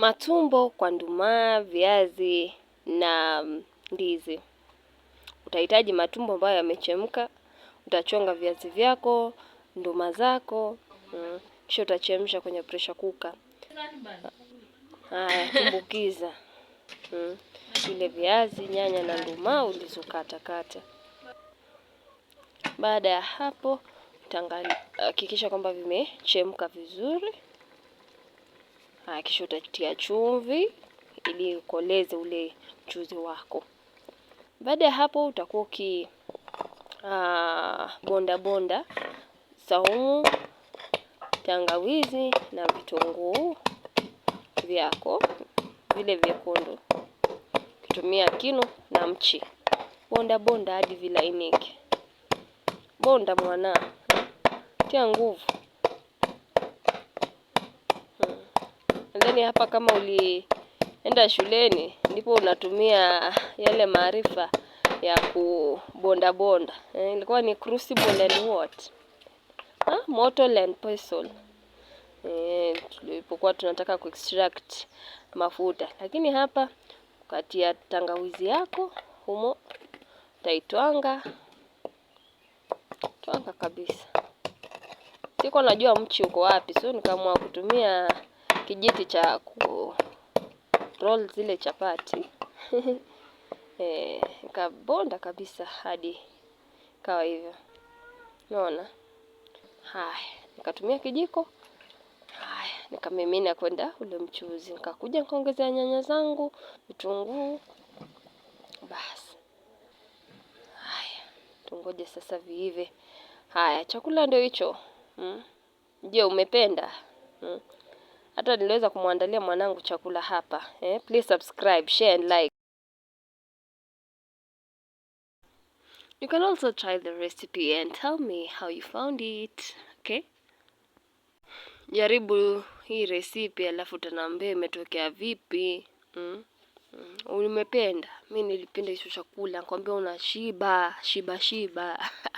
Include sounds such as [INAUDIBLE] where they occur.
matumbo kwa nduma, viazi na mm, ndizi. Utahitaji matumbo ambayo yamechemka. Utachonga viazi vyako, nduma zako, mm, kisha utachemsha kwenye pressure cooker. Haya, tumbukiza vile mm, viazi, nyanya na nduma ulizokatakata. Baada ya hapo, utahakikisha kwamba vimechemka vizuri. Hakikisha kisha utatia chumvi ili ukoleze ule mchuzi wako. Baada ya hapo utakuwa uki uh, bonda bonda saumu, tangawizi na vitunguu vyako vile vyekundu ukitumia kinu na mchi. Bonda bonda hadi vilainike. Bonda mwana, tia nguvu. Yaani hapa kama ulienda shuleni ndipo unatumia yale maarifa ya kubonda bonda. Eh, ilikuwa ni crucible and what? Ha? Mortal and poison. Eh, tulipokuwa tunataka kuextract mafuta. Lakini hapa kati ya tangawizi yako humo taitwanga twanga kabisa. Siko najua mchi uko wapi, so nikaamua kutumia kijiti cha ku roll zile chapati [LAUGHS] eh, kabonda kabisa hadi kawa hivyo, unaona. Haya, nikatumia kijiko haya, nikamimina kwenda ule mchuzi, nikakuja nikaongezea nyanya zangu, vitunguu, basi. Haya, tungoje sasa viive. Haya, chakula ndio hicho. Mm. Je, umependa? Mm hata niliweza kumwandalia mwanangu chakula hapa. Eh, please subscribe, share and like. You can also try the recipe and tell me how you found it. Okay? Jaribu hii recipe alafu utaniambia imetokea vipi. Mm. Mm. Umependa? Mimi nilipenda hicho chakula. Nikwambia unashiba, shiba shiba. [LAUGHS]